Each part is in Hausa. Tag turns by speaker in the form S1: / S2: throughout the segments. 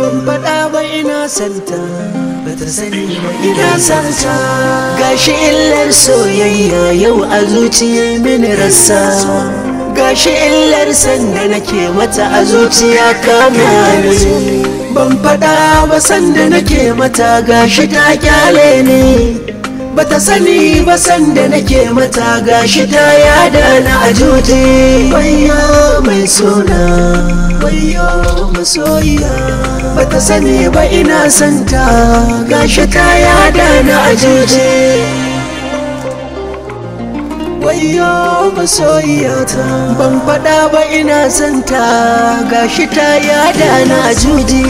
S1: ban faɗa ba ina santa bata sani ba ina santa gashi illar soyayya yau a zuciya mini rassa gashi illar sanda nake mata a zuciya kama ni ban faɗa ba sanda nake mata gashi ta kyale ni bata sani ba sanda nake mata gashi ta yada na ajote bayya mai sona bayya masoyiya bata sani ba ina santa gashi ta yada na ajote bayya masoyiyata ban faɗa ba ina santa gashi ta yada na ajoji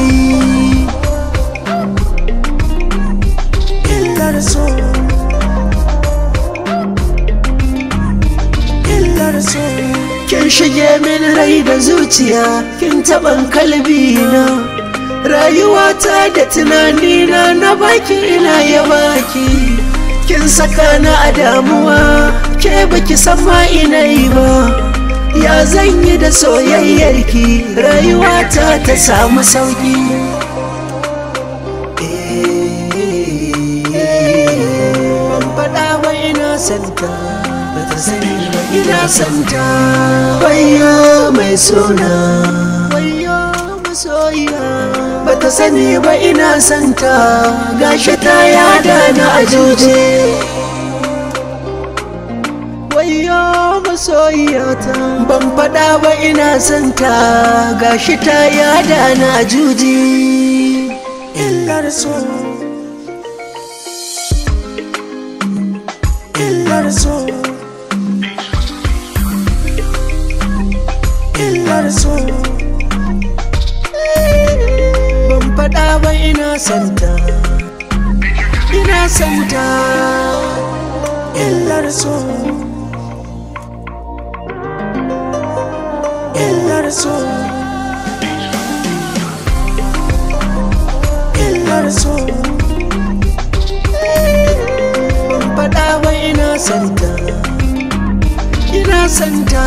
S1: illar so kin shige min rai da zuciya kin taban kalbi na rayuwata da tunanina na baki ina ya baki kin saka na a damuwa ke baki san ma ina yi ba ya zan yi da soyayyar ki rayuwata ta samu sauki Santa, but the same ina santa wayo mai suna wayo masoyiya bata sani ba ina santa gashi ta yada na ajuji wayo masoyiyata ban faɗa ba ina santa gashi ta yada na juji illar so illar so so ban faɗa ba ina santa ina santa illar so illar so illar so ban faɗa ba ina santa ina santa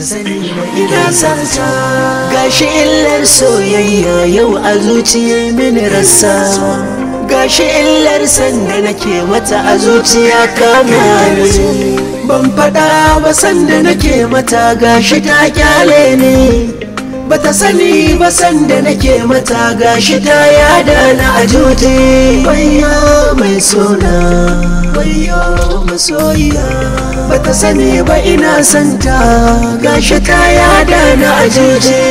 S1: sani ba gashi illar soyayya yau a zuciyar min rassa gashi illar sanda nake mata a zuciya kama ni ban faɗa ba sanda nake mata gashi ta kyale ni bata sani ba sanda nake mata gashi ta yada na a juti bayya mai suna wayo masoyiya bata sani ba ina santa gashi ta yada na ajeje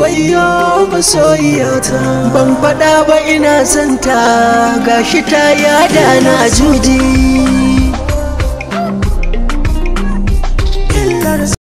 S1: wayo masoyiyata ban faɗa ba ina santa gashi ta yada na ajuji